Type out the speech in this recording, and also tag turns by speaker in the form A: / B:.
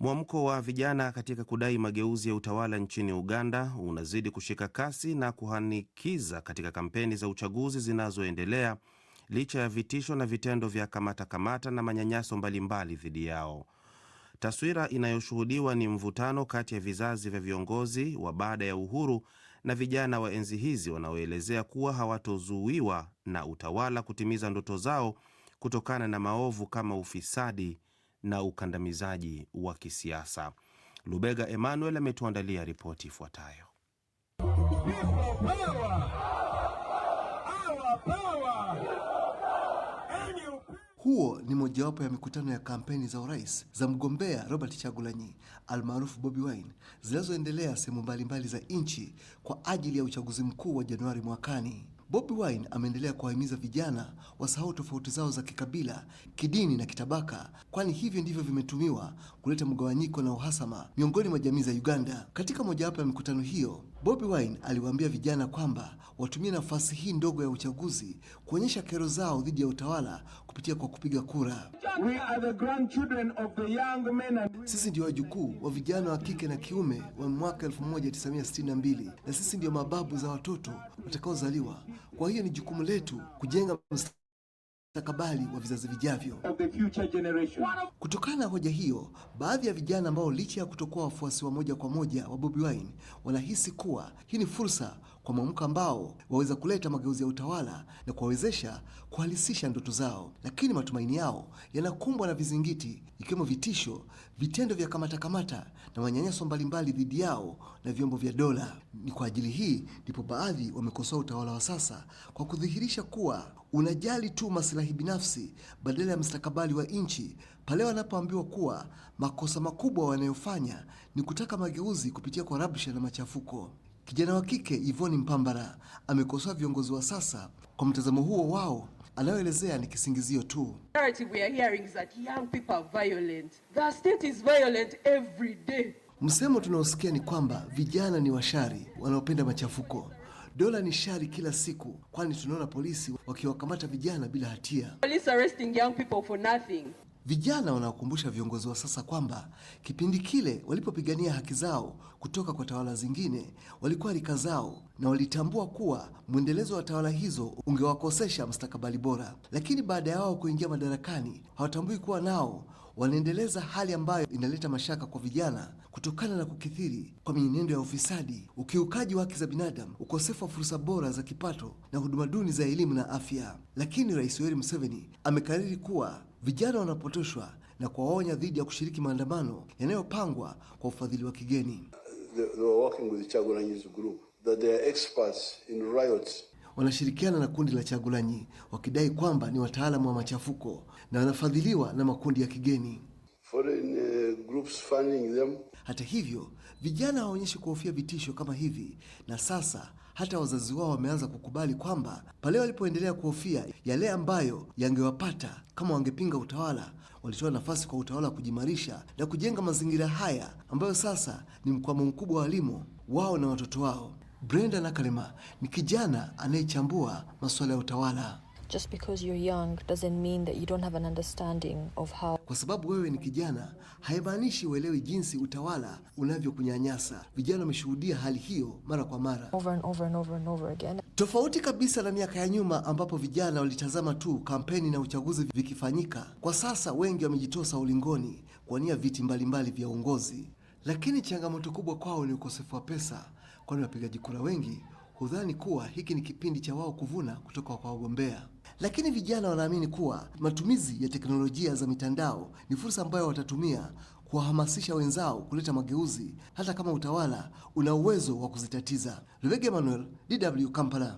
A: Mwamko wa vijana katika kudai mageuzi ya utawala nchini Uganda unazidi kushika kasi na kuhanikiza katika kampeni za uchaguzi zinazoendelea licha ya vitisho na vitendo vya kamata kamata na manyanyaso mbalimbali dhidi yao. Taswira inayoshuhudiwa ni mvutano kati ya vizazi vya viongozi wa baada ya uhuru na vijana wa enzi hizi wanaoelezea kuwa hawatozuiwa na utawala kutimiza ndoto zao kutokana na maovu kama ufisadi na ukandamizaji wa kisiasa. Lubega Emmanuel ametuandalia ripoti ifuatayo.
B: Huo ni mojawapo ya mikutano ya kampeni za urais za mgombea Robert Chagulanyi almaarufu Bobi Wine zinazoendelea sehemu mbalimbali za nchi kwa ajili ya uchaguzi mkuu wa Januari mwakani. Bobi Wine ameendelea kuwahimiza vijana wasahau tofauti zao za kikabila, kidini na kitabaka, kwani hivyo ndivyo vimetumiwa kuleta mgawanyiko na uhasama miongoni mwa jamii za Uganda. Katika mojawapo ya mikutano hiyo, Bobi Wine aliwaambia vijana kwamba watumie nafasi hii ndogo ya uchaguzi kuonyesha kero zao dhidi ya utawala kupitia kwa kupiga kura. We are the grandchildren of the young men and... Sisi ndio wajukuu wa vijana wa kike na kiume wa mwaka 1962 na sisi ndio mababu za watoto watakaozaliwa kwa hiyo ni jukumu letu kujenga mustakabali wa vizazi vijavyo. Kutokana na hoja hiyo, baadhi ya vijana ambao licha ya kutokuwa wafuasi wa moja kwa moja wa Bobi Wine wanahisi kuwa hii ni fursa kwa mwamko ambao waweza kuleta mageuzi ya utawala na kuwawezesha kuhalisisha ndoto zao, lakini matumaini yao yanakumbwa na vizingiti, ikiwemo vitisho, vitendo vya kamatakamata kamata na manyanyaso mbalimbali dhidi yao na vyombo vya dola. Ni kwa ajili hii ndipo baadhi wamekosoa utawala wa sasa kwa kudhihirisha kuwa unajali tu masilahi binafsi badala ya mustakabali wa nchi pale wanapoambiwa kuwa makosa makubwa wanayofanya ni kutaka mageuzi kupitia kwa rabsha na machafuko. Kijana wa kike Yvonne mpambara amekosoa viongozi wa sasa kwa mtazamo huo wao anayoelezea ni kisingizio tu. Msemo tunaosikia ni kwamba vijana ni washari wanaopenda machafuko. Dola ni shari kila siku, kwani tunaona polisi wakiwakamata vijana bila hatia. Police arresting young people for nothing. Vijana wanawakumbusha viongozi wa sasa kwamba kipindi kile walipopigania haki zao kutoka kwa tawala zingine walikuwa rika zao na walitambua kuwa mwendelezo wa tawala hizo ungewakosesha mstakabali bora, lakini baada ya wao kuingia madarakani hawatambui kuwa nao wanaendeleza hali ambayo inaleta mashaka kwa vijana kutokana na kukithiri kwa mienendo ya ufisadi, ukiukaji wa haki za binadamu, ukosefu wa fursa bora za kipato na huduma duni za elimu na afya. Lakini Rais Yoweri Museveni amekariri kuwa Vijana wanapotoshwa na kuwaonya dhidi ya kushiriki maandamano yanayopangwa kwa ufadhili wa kigeni. Wanashirikiana na kundi la Chagulanyi wakidai kwamba ni wataalamu wa machafuko na wanafadhiliwa na makundi ya kigeni. Foreign, uh, groups funding them. Hata hivyo, vijana hawaonyeshi kuhofia vitisho kama hivi, na sasa hata wazazi wao wameanza kukubali kwamba pale walipoendelea kuhofia yale ambayo yangewapata kama wangepinga utawala, walitoa nafasi kwa utawala wa kujimarisha na kujenga mazingira haya ambayo sasa ni mkwamo mkubwa wa walimu wao na watoto wao. Brenda Nakalema ni kijana anayechambua masuala ya utawala. Just because you're young doesn't mean that you don't have an understanding of how. Kwa sababu wewe ni kijana haimaanishi uelewi jinsi utawala unavyokunyanyasa. Vijana wameshuhudia hali hiyo mara kwa mara. Over and over and over and over again. Tofauti kabisa na miaka ya nyuma ambapo vijana walitazama tu kampeni na uchaguzi vikifanyika. Kwa sasa wengi wamejitosa ulingoni kuwania viti mbalimbali mbali vya uongozi, lakini changamoto kubwa kwao ni ukosefu wa pesa, kwani wapigaji kura wengi hudhani kuwa hiki ni kipindi cha wao kuvuna kutoka kwa wagombea. Lakini vijana wanaamini kuwa matumizi ya teknolojia za mitandao ni fursa ambayo watatumia kuwahamasisha wenzao kuleta mageuzi hata kama utawala una uwezo wa kuzitatiza. Lubega Emmanuel, DW Kampala.